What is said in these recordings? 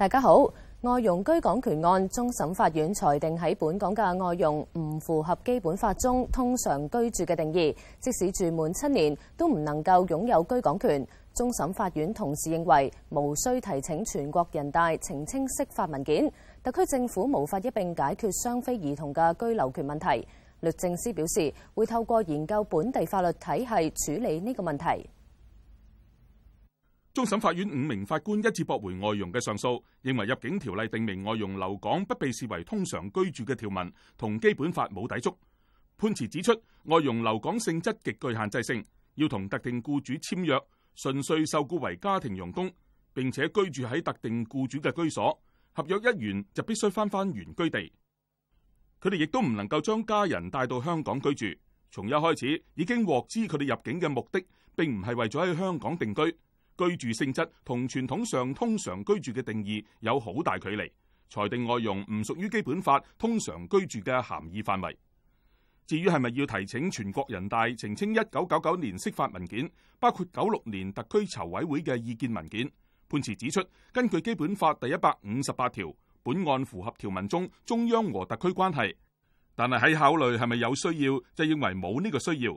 大家好，外傭居港權案中，終審法院裁定喺本港嘅外傭唔符合基本法中通常居住嘅定義，即使住滿七年都唔能夠擁有居港權。終審法院同時認為，無需提請全國人大澄清釋法文件，特區政府無法一併解決雙非兒童嘅居留權問題。律政司表示，會透過研究本地法律體系處理呢個問題。終審法院五名法官一致駁回外傭嘅上訴，認為入境條例定明外傭留港不被視為通常居住嘅條文，同基本法冇抵觸。判詞指出，外傭留港性質極具限制性，要同特定僱主簽約，純粹受僱為家庭傭工，並且居住喺特定僱主嘅居所，合約一完就必須翻翻原居地。佢哋亦都唔能夠將家人帶到香港居住。從一開始已經獲知佢哋入境嘅目的，並唔係為咗喺香港定居。居住性質同傳統上通常居住嘅定義有好大距離，裁定外傭唔屬於基本法通常居住嘅涵義範圍。至於係咪要提請全國人大澄清一九九九年釋法文件，包括九六年特區籌委會嘅意見文件，判詞指出，根據基本法第一百五十八條，本案符合條文中中央和特區關係，但係喺考慮係咪有需要，就認為冇呢個需要。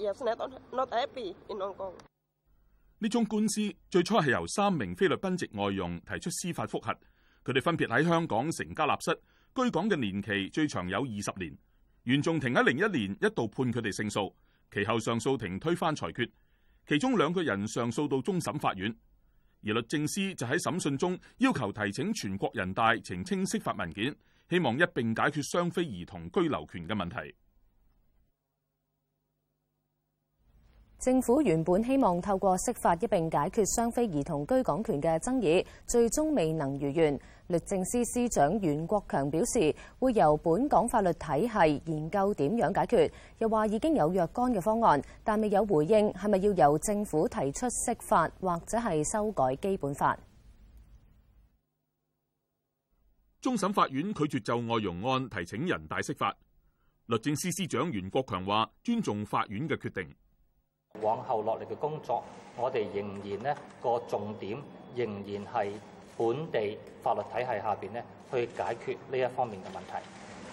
呢、yes，宗官司最初係由三名菲律賓籍外傭提出司法覆核，佢哋分別喺香港成家立室，居港嘅年期最長有二十年。原訟庭喺零一年一度判佢哋勝訴，其後上訴庭推翻裁決，其中兩個人上訴到終審法院，而律政司就喺審訊中要求提請全國人大澄清釋法文件，希望一並解決雙非兒童居留權嘅問題。政府原本希望透過釋法一併解決雙非兒童居港權嘅爭議，最終未能如願。律政司司長袁國強表示，會由本港法律體系研究點樣解決，又話已經有若干嘅方案，但未有回應係咪要由政府提出釋法或者係修改基本法。終審法院拒絕就外傭案提請人大釋法，律政司司長袁國強話尊重法院嘅決定。往後落嚟嘅工作，我哋仍然咧、呢個重點仍然係本地法律體系下邊咧去解決呢一方面嘅問題。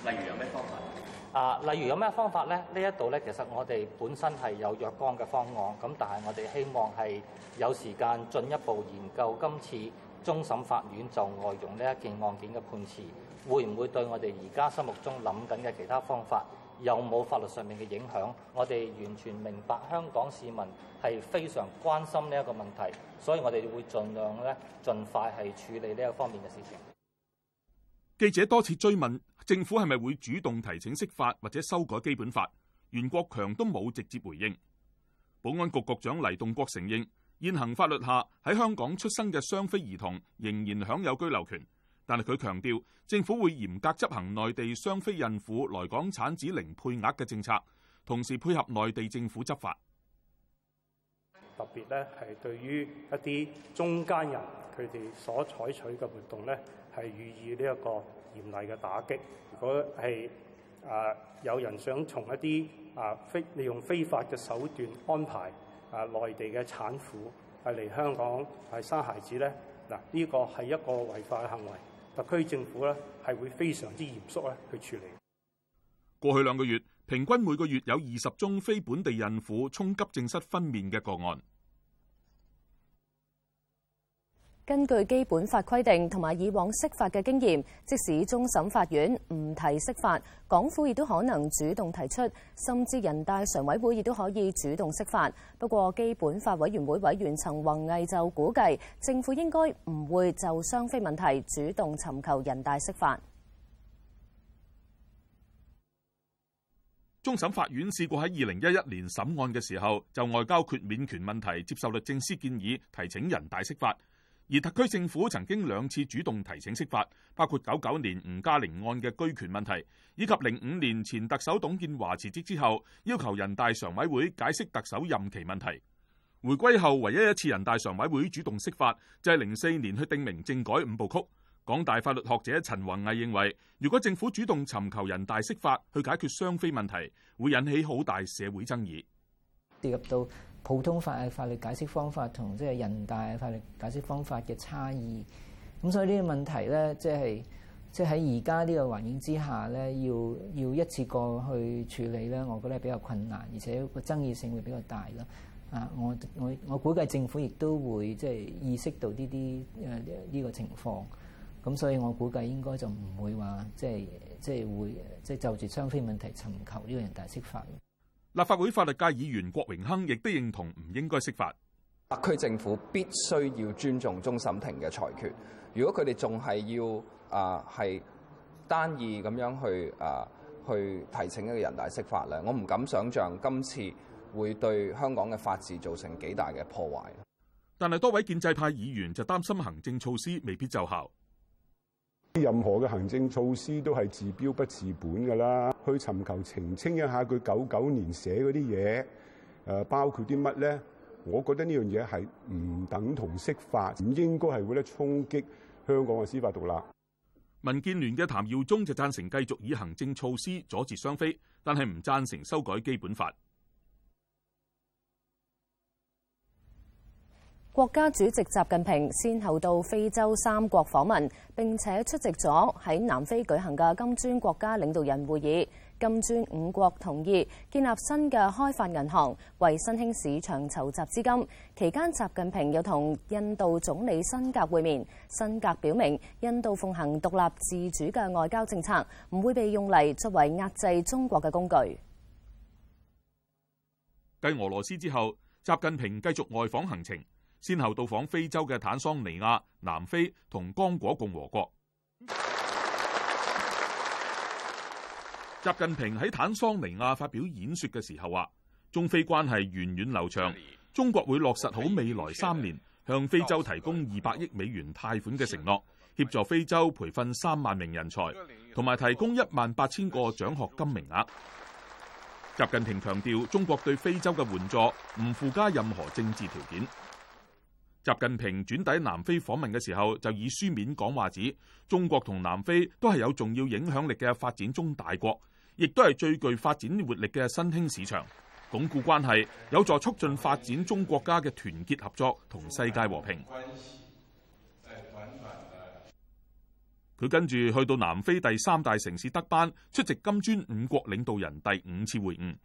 例如有咩方法？啊，例如有咩方法咧？呢一度咧，其實我哋本身係有若干嘅方案，咁但係我哋希望係有時間進一步研究今次終審法院就外傭呢一件案件嘅判詞，會唔會對我哋而家心目中諗緊嘅其他方法有冇法律上面嘅影響，我哋完全明白香港市民係非常關心呢一個問題，所以我哋會盡量咧，盡快係處理呢一方面嘅事情。記者多次追問政府係咪會主動提請釋法或者修改基本法，袁國強都冇直接回應。保安局局長黎棟國承認現行法律下喺香港出生嘅雙非兒童仍然享有居留權。但係佢強調，政府會嚴格執行內地雙非孕婦來港產子零配額嘅政策，同時配合內地政府執法。特別咧，係對於一啲中間人佢哋所採取嘅活動咧，係予以呢一個嚴厲嘅打擊。如果係啊有人想從一啲啊非利用非法嘅手段安排啊內地嘅產婦嚟香港係生孩子咧，嗱呢個係一個違法嘅行為。特區政府咧係會非常之嚴肅咧去處理。過去兩個月，平均每個月有二十宗非本地孕婦衝急症室分娩嘅個案。根據基本法規定同埋以往釋法嘅經驗，即使終審法院唔提釋法，港府亦都可能主動提出，甚至人大常委會亦都可以主動釋法。不過，基本法委員會委員陳弘毅就估計，政府應該唔會就雙非問題主動尋求人大釋法。終審法院試過喺二零一一年審案嘅時候，就外交豁免權問題接受律政司建議，提請人大釋法。而特區政府曾經兩次主動提請釋法，包括九九年吳嘉玲案嘅居權問題，以及零五年前特首董建華辭職之後，要求人大常委會解釋特首任期問題。回歸後唯一一次人大常委會主動釋法，就係零四年去定名政改五部曲。港大法律學者陳弘毅認為，如果政府主動尋求人大釋法去解決雙非問題，會引起好大社會爭議。普通法嘅法律解釋方法同即係人大嘅法律解釋方法嘅差異，咁所以呢個問題咧，即係即喺而家呢個環境之下咧，要要一次過去處理咧，我覺得比較困難，而且個爭議性會比較大咯。啊，我我我估計政府亦都會即係意識到呢啲誒呢個情況，咁所以我估計應該就唔會話即係即係會即係就住雙非問題尋求呢個人大釋法。立法會法律界議員郭榮鏗亦都認同唔應該釋法，特區政府必須要尊重終審庭嘅裁決。如果佢哋仲係要啊係單意咁樣去啊去提請一個人大釋法咧，我唔敢想象今次會對香港嘅法治造成幾大嘅破壞。但係多位建制派議員就擔心行政措施未必奏效。任何嘅行政措施都係治標不治本噶啦，去尋求澄清一下佢九九年寫嗰啲嘢，誒，包括啲乜咧？我覺得呢樣嘢係唔等同釋法，唔應該係會咧衝擊香港嘅司法獨立。民建聯嘅譚耀宗就贊成繼續以行政措施阻截雙非，但係唔贊成修改基本法。國家主席習近平先後到非洲三國訪問，並且出席咗喺南非舉行嘅金磚國家領導人會議。金磚五國同意建立新嘅開發銀行，為新興市場籌集資金。期間，習近平又同印度總理辛格會面。辛格表明，印度奉行獨立自主嘅外交政策，唔會被用嚟作為壓制中國嘅工具。繼俄羅斯之後，習近平繼續外訪行程。先後到訪非洲嘅坦桑尼亞、南非同剛果共和國。習近平喺坦桑尼亞發表演說嘅時候話，中非關係源遠流長，中國會落實好未來三年向非洲提供二百億美元貸款嘅承諾，協助非洲培訓三萬名人才，同埋提供一萬八千個獎學金名額。習近平強調，中國對非洲嘅援助唔附加任何政治條件。習近平轉抵南非訪問嘅時候，就以書面講話指，中國同南非都係有重要影響力嘅發展中大國，亦都係最具發展活力嘅新興市場，鞏固關係有助促進發展中國家嘅團結合作同世界和平。佢跟住去到南非第三大城市德班，出席金磚五國領導人第五次會晤。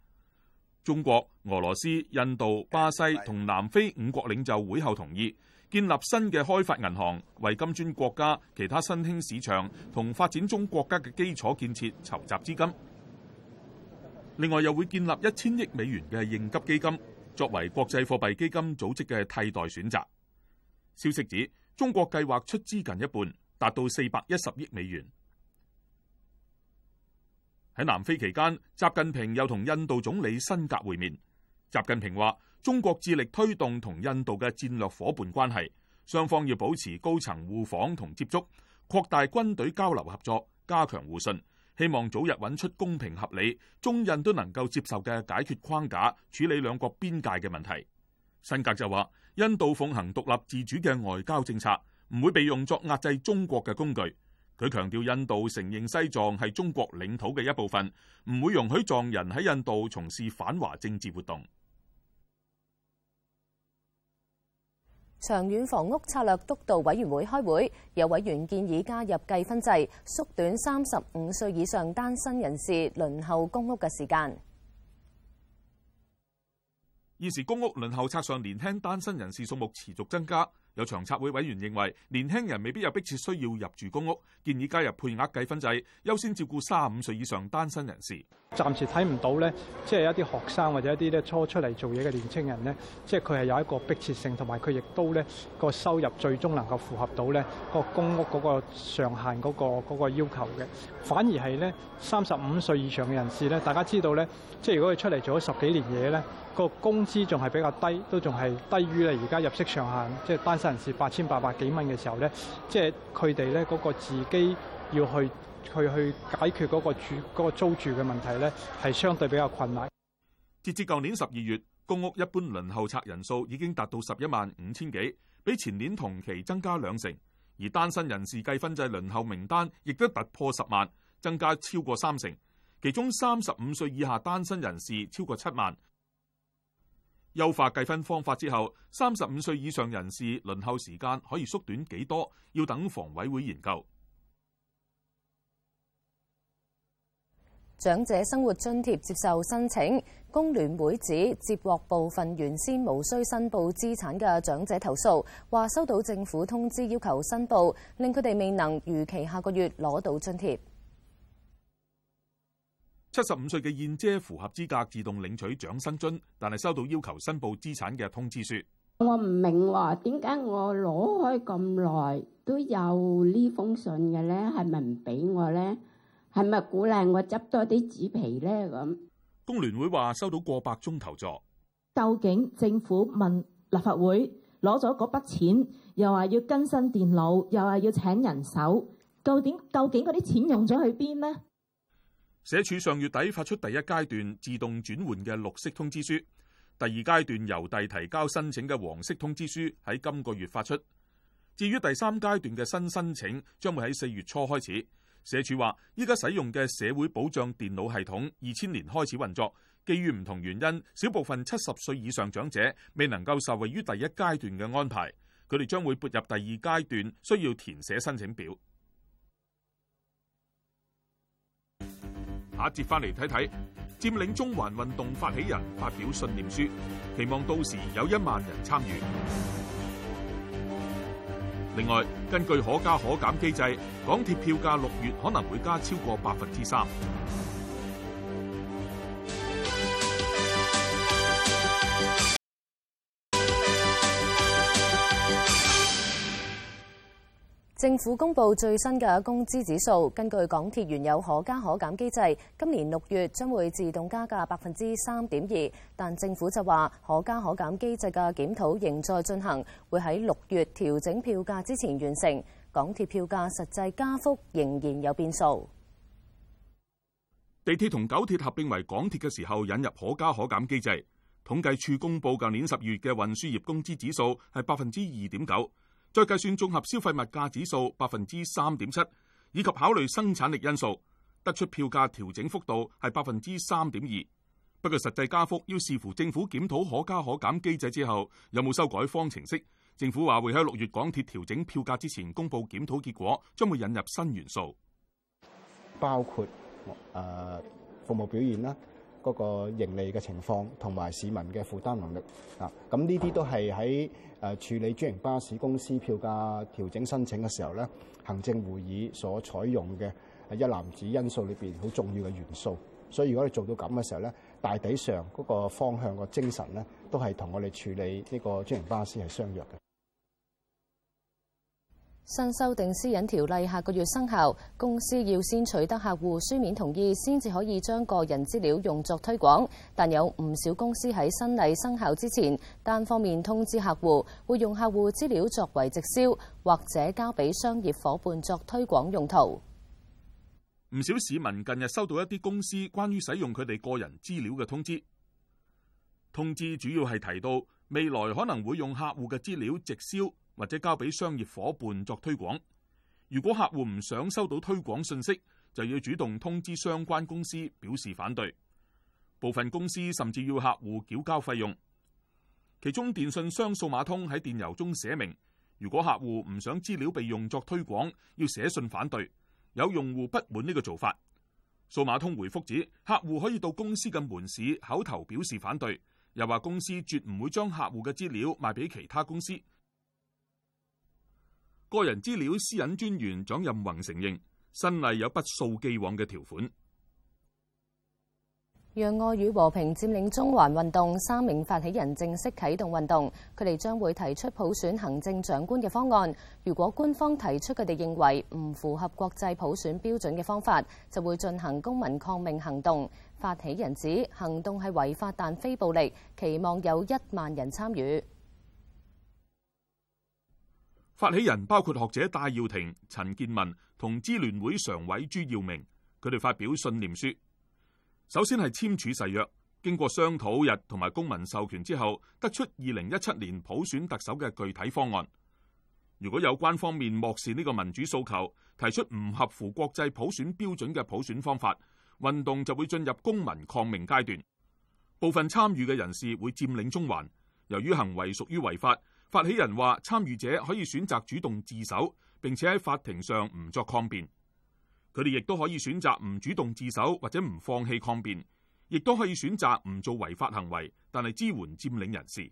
中國、俄羅斯、印度、巴西同南非五國領袖會後同意建立新嘅開發銀行，為金磚國家、其他新興市場同發展中國家嘅基礎建設籌集資金。另外，又會建立一千億美元嘅應急基金，作為國際貨幣基金組織嘅替代選擇。消息指，中國計劃出資近一半，達到四百一十億美元。喺南非期間，習近平又同印度總理辛格會面。習近平話：中國致力推動同印度嘅戰略夥伴關係，雙方要保持高層互訪同接觸，擴大軍隊交流合作，加強互信，希望早日揾出公平合理、中印都能夠接受嘅解決框架，處理兩國邊界嘅問題。辛格就話：印度奉行獨立自主嘅外交政策，唔會被用作壓制中國嘅工具。佢強調，印度承認西藏係中國領土嘅一部分，唔會容許藏人喺印度從事反華政治活動。長遠房屋策略督導委員會開會，有委員建議加入計分制，縮短三十五歲以上單身人士輪候公屋嘅時間。現時公屋輪候冊上年輕單身人士數目持續增加。有長策會委、委員認為年輕人未必有迫切需要入住公屋，建議加入配額計分制，優先照顧三十五歲以上單身人士。暫時睇唔到咧，即係一啲學生或者一啲咧初出嚟做嘢嘅年輕人咧，即係佢係有一個迫切性，同埋佢亦都咧、嗰個收入最終能夠符合到咧、嗰個公屋嗰個上限嗰、嗰個嗰個要求嘅。反而係咧三十五歲以上嘅人士咧，大家知道咧，即係如果佢出嚟做咗十幾年嘢咧。個工資仲係比較低，都仲係低於咧而家入息上限即係、就是、單身人士八千八百幾蚊嘅時候咧，即係佢哋咧嗰個自己要去去去解決嗰個住嗰、那個、租住嘅問題咧，係相對比較困難。截至舊年十二月，公屋一般輪候冊人數已經達到十一萬五千幾，比前年同期增加兩成。而單身人士計分制輪候名單亦都突破十萬，增加超過三成。其中三十五歲以下單身人士超過七萬。優化計分方法之後，三十五歲以上人士輪候時間可以縮短幾多？要等房委會研究。長者生活津貼接受申請，工聯會指接獲部分原先無需申報資產嘅長者投訴，話收到政府通知要求申報，令佢哋未能如期下個月攞到津貼。七十五歲嘅燕姐符合資格自動領取長生津，但係收到要求申報資產嘅通知書。我唔明喎，點解我攞開咁耐都有呢封信嘅咧？係咪唔俾我咧？係咪鼓勵我執多啲紙皮咧？咁工聯會話收到過百宗求助，究竟政府問立法會攞咗嗰筆錢，又話要更新電腦，又話要請人手，究竟究竟嗰啲錢用咗去邊呢？社署上月底發出第一階段自動轉換嘅綠色通知書，第二階段郵遞提交申請嘅黃色通知書喺今個月發出。至於第三階段嘅新申請，將會喺四月初開始。社署話，依家使用嘅社會保障電腦系統二千年開始運作，基於唔同原因，少部分七十歲以上長者未能夠受惠於第一階段嘅安排，佢哋將會撥入第二階段，需要填寫申請表。打接翻嚟睇睇，佔領中環運動發起人發表信念書，期望到時有一萬人參與。另外，根據可加可減機制，港鐵票價六月可能會加超過百分之三。政府公布最新嘅工資指數，根據港鐵原有可加可減機制，今年六月將會自動加價百分之三點二，但政府就話可加可減機制嘅檢討仍在進行，會喺六月調整票價之前完成。港鐵票價實際加幅仍然有變數。地鐵同九鐵合併為港鐵嘅時候引入可加可減機制，統計處公布舊年十月嘅運輸業工資指數係百分之二點九。再計算綜合消費物價指數百分之三點七，以及考慮生產力因素，得出票價調整幅度係百分之三點二。不過實際加幅要視乎政府檢討可加可減機制之後有冇修改方程式。政府話會喺六月港鐵調整票價之前公佈檢討結果，將會引入新元素，包括誒服務表現啦。嗰、那個盈利嘅情況同埋市民嘅負擔能力啊，咁呢啲都係喺處理專營巴士公司票價調整申請嘅時候咧，行政會議所採用嘅一籃子因素裏邊好重要嘅元素。所以如果你做到咁嘅時候咧，大體上嗰個方向個精神咧，都係同我哋處理呢個專營巴士係相約嘅。新修訂私隱條例下個月生效，公司要先取得客戶書面同意，先至可以將個人資料用作推廣。但有唔少公司喺新例生效之前，單方面通知客戶會用客戶資料作為直銷，或者交俾商業伙伴作推廣用途。唔少市民近日收到一啲公司關於使用佢哋個人資料嘅通知，通知主要係提到未來可能會用客戶嘅資料直銷。或者交俾商業夥伴作推廣。如果客戶唔想收到推廣信息，就要主動通知相關公司表示反對。部分公司甚至要客戶繳交費用。其中，電信商數碼通喺電郵中寫明，如果客戶唔想資料被用作推廣，要寫信反對。有用戶不滿呢個做法，數碼通回覆指，客戶可以到公司嘅門市口頭表示反對，又話公司絕唔會將客戶嘅資料賣俾其他公司。個人資料私隱專員蔣任宏承認，新例有不溯既往嘅條款。讓愛與和平佔領中環運動三名發起人正式啟動運動，佢哋將會提出普選行政長官嘅方案。如果官方提出佢哋認為唔符合國際普選標準嘅方法，就會進行公民抗命行動。發起人指行動係違法但非暴力，期望有一萬人參與。發起人包括學者戴耀廷、陳建文同支聯會常委朱耀明，佢哋發表信念書。首先係簽署誓約，經過商討日同埋公民授權之後，得出二零一七年普選特首嘅具體方案。如果有關方面漠視呢個民主訴求，提出唔合乎國際普選標準嘅普選方法，運動就會進入公民抗命階段。部分參與嘅人士會佔領中環，由於行為屬於違法。發起人話：參與者可以選擇主動自首，並且喺法庭上唔作抗辯。佢哋亦都可以選擇唔主動自首或者唔放棄抗辯，亦都可以選擇唔做違法行為，但係支援佔領人士。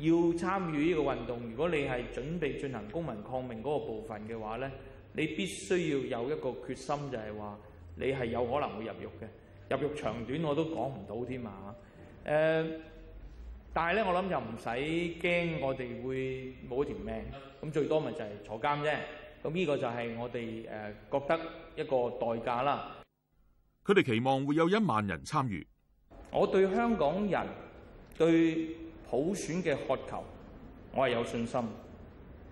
要參與呢個運動，如果你係準備進行公民抗命嗰個部分嘅話呢，你必須要有一個決心，就係話你係有可能會入獄嘅。入獄長短我都講唔到添啊！誒、嗯。但係咧，我諗就唔使驚，我哋會冇咗條命咁，最多咪就係坐監啫。咁呢個就係我哋誒覺得一個代價啦。佢哋期望會有一萬人參與。我對香港人對普選嘅渴求，我係有信心。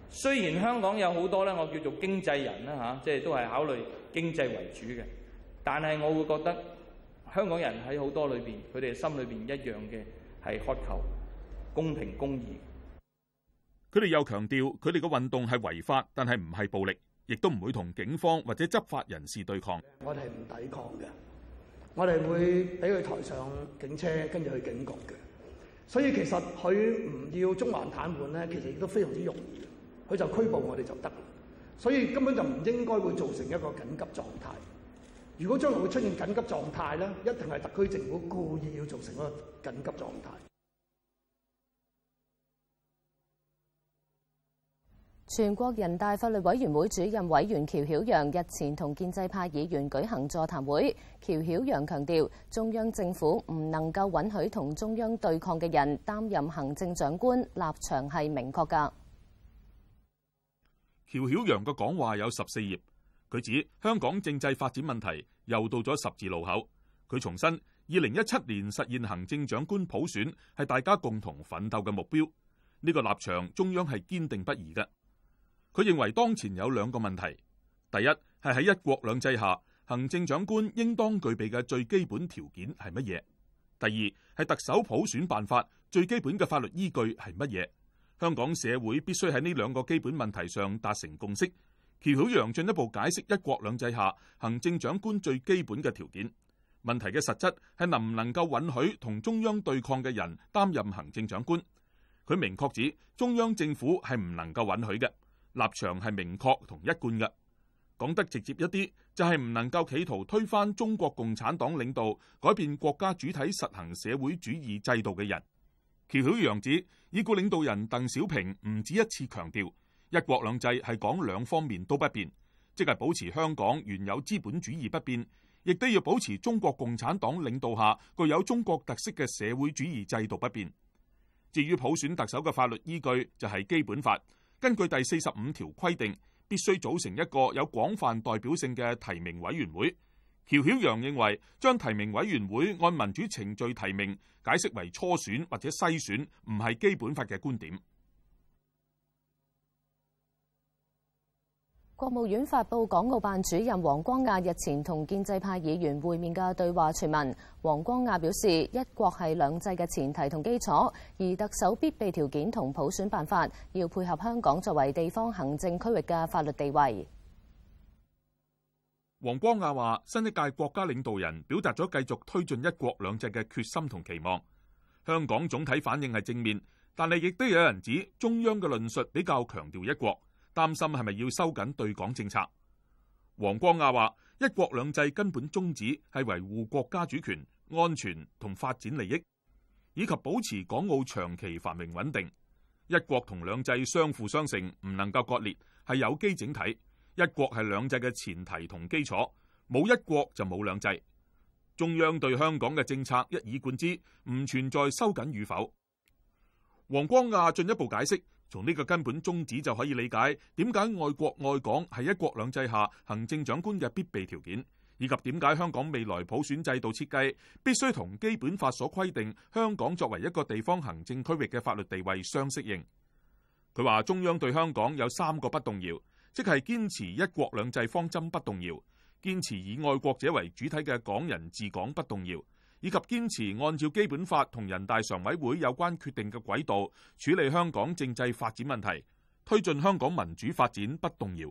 雖然香港有好多咧，我叫做經濟人啦吓，即係都係考慮經濟為主嘅，但係我會覺得香港人喺好多裏邊，佢哋心裏邊一樣嘅。係渴求公平公義。佢哋又強調，佢哋嘅運動係違法，但係唔係暴力，亦都唔會同警方或者執法人士對抗。我哋係唔抵抗嘅，我哋會俾佢抬上警車，跟住去警局嘅。所以其實佢唔要中環癱瘓咧，其實亦都非常之容易。佢就拘捕我哋就得，所以根本就唔應該會造成一個緊急狀態。如果將來會出現緊急狀態咧，一定係特區政府故意要造成一個緊急狀態。全國人大法律委員會主任委員喬曉陽日前同建制派議員舉行座談會，喬曉陽強調，中央政府唔能夠允許同中央對抗嘅人擔任行政長官，立場係明確㗎。喬曉陽嘅講話有十四頁。佢指香港政制發展問題又到咗十字路口。佢重申，二零一七年實現行政長官普選係大家共同奮鬥嘅目標。呢個立場中央係堅定不移嘅。佢認為當前有兩個問題：第一係喺一國兩制下，行政長官應當具備嘅最基本條件係乜嘢；第二係特首普選辦法最基本嘅法律依據係乜嘢。香港社會必須喺呢兩個基本問題上達成共識。喬曉陽進一步解釋，一國兩制下行政長官最基本嘅條件問題嘅實質係能唔能夠允許同中央對抗嘅人擔任行政長官。佢明確指中央政府係唔能夠允許嘅立場係明確同一貫嘅。講得直接一啲，就係唔能夠企圖推翻中國共產黨領導、改變國家主體實行社會主義制度嘅人。喬曉陽指已故領導人鄧小平唔止一次強調。一國兩制係講兩方面都不變，即係保持香港原有資本主義不變，亦都要保持中國共產黨領導下具有中國特色嘅社會主義制度不變。至於普選特首嘅法律依據就係基本法，根據第四十五條規定，必須組成一個有廣泛代表性嘅提名委員會。喬曉陽認為，將提名委員會按民主程序提名，解釋為初選或者篩選，唔係基本法嘅觀點。國務院發佈港澳辦主任王光亞日前同建制派議員會面嘅對話全文。王光亞表示，一國係兩制嘅前提同基礎，而特首必備條件同普選辦法要配合香港作為地方行政區域嘅法律地位。王光亞話，新一屆國家領導人表達咗繼續推進一國兩制嘅決心同期望。香港總體反應係正面，但係亦都有人指中央嘅論述比較強調一國。擔心係咪要收緊對港政策？王光亞話：一國兩制根本宗旨係維護國家主權、安全同發展利益，以及保持港澳長期繁榮穩定。一國同兩制相輔相成，唔能夠割裂，係有機整體。一國係兩制嘅前提同基礎，冇一國就冇兩制。中央對香港嘅政策一以貫之，唔存在收緊與否。王光亞進一步解釋。從呢個根本宗旨就可以理解為什麼，點解愛國愛港係一國兩制下行政長官嘅必備條件，以及點解香港未來普選制度設計必須同基本法所規定香港作為一個地方行政區域嘅法律地位相適應。佢話中央對香港有三個不動搖，即係堅持一國兩制方針不動搖，堅持以愛國者為主體嘅港人治港不動搖。以及堅持按照基本法同人大常委會有關決定嘅軌道處理香港政制發展問題，推進香港民主發展不動搖。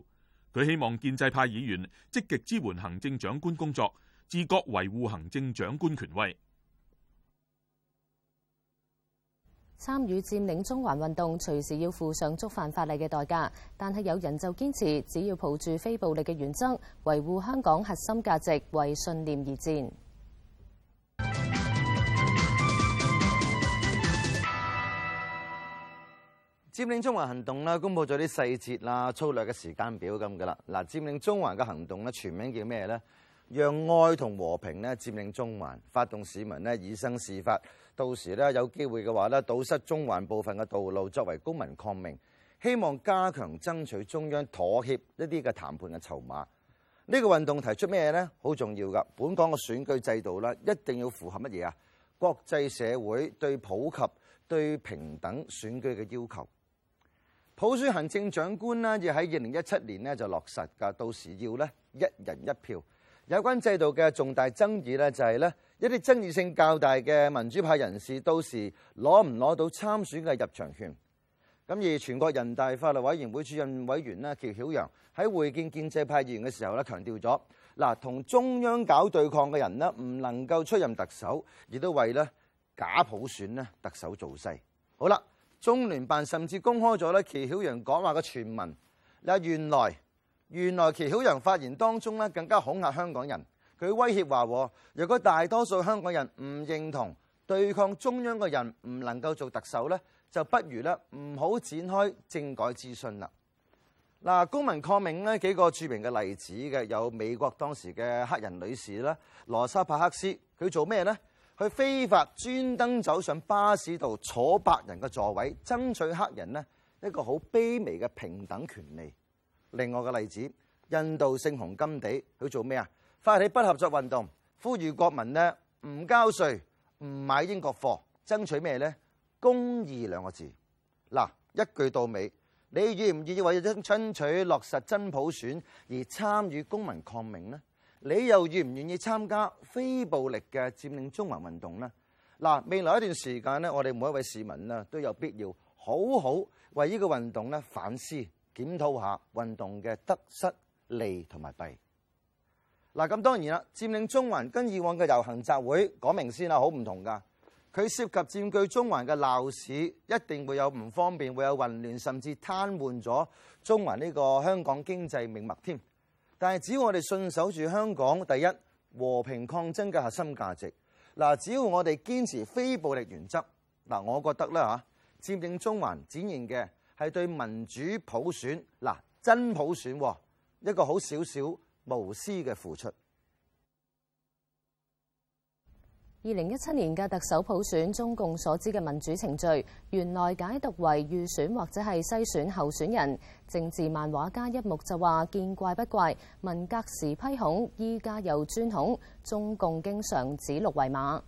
佢希望建制派議員積極支援行政長官工作，自覺維護行政長官權威。參與佔領中環運動，隨時要付上觸犯法例嘅代價，但係有人就堅持只要抱住非暴力嘅原則，維護香港核心價值，為信念而戰。佔領中環行動啦，公布咗啲細節啦、粗略嘅時間表咁噶啦。嗱，佔領中環嘅行動咧，全名叫咩呢？「讓愛同和平」咧佔領中環，發動市民咧以身試法。到時呢，有機會嘅話咧，堵塞中環部分嘅道路，作為公民抗命，希望加強爭取中央妥協一啲嘅談判嘅籌碼。呢、呢個運動提出咩呢？好重要噶。本港嘅選舉制度咧，一定要符合乜嘢啊？國際社會對普及、對平等選舉嘅要求。普選行政長官啦，要喺二零一七年咧就落實噶，到時要咧一人一票。有關制度嘅重大爭議咧，就係咧一啲爭議性較大嘅民主派人士，到時攞唔攞到參選嘅入場券。咁而全國人大法律委員會主任委員咧，喬曉陽喺會見建制派議員嘅時候咧，強調咗嗱，同中央搞對抗嘅人咧，唔能夠出任特首，亦都為咧假普選咧特首造勢。好啦。中聯辦甚至公開咗咧，喬曉陽講話嘅全文。嗱，原來原來喬曉陽發言當中咧，更加恐嚇香港人。佢威脅話，如果大多數香港人唔認同對抗中央嘅人，唔能夠做特首咧，就不如咧唔好展開政改諮詢啦。嗱，公民抗命咧幾個著名嘅例子嘅，有美國當時嘅黑人女士啦，羅莎帕克斯，佢做咩呢？佢非法專登走上巴士度坐白人嘅座位，爭取黑人呢一個好卑微嘅平等權利。另外一個例子，印度聖雄甘地佢做咩啊？發起不合作運動，呼籲國民呢唔交稅、唔買英國貨，爭取咩呢？「公義」兩個字。嗱，一句到尾，你願唔願意為爭取落實真普選而參與公民抗命呢？你又願唔願意參加非暴力嘅佔領中環運動呢？嗱，未來一段時間呢，我哋每一位市民呢都有必要好好為呢個運動呢反思檢討一下運動嘅得失利同埋弊。嗱，咁當然啦，佔領中環跟以往嘅遊行集會講明先啦，好唔同㗎，佢涉及佔據中環嘅鬧市，一定會有唔方便，會有混亂，甚至癱瘓咗中環呢個香港經濟命脈添。但是只要我哋信守住香港第一和平抗爭嘅核心價值，嗱，只要我哋堅持非暴力原則，嗱，我覺得咧嚇佔領中環展現嘅係對民主普選嗱，真普選一個好少少無私嘅付出。二零一七年嘅特首普選，中共所知嘅民主程序，原來解讀為預選或者係篩選候選人。政治漫畫家一目就話：見怪不怪，文革時批孔，依家又尊孔，中共經常指鹿為馬。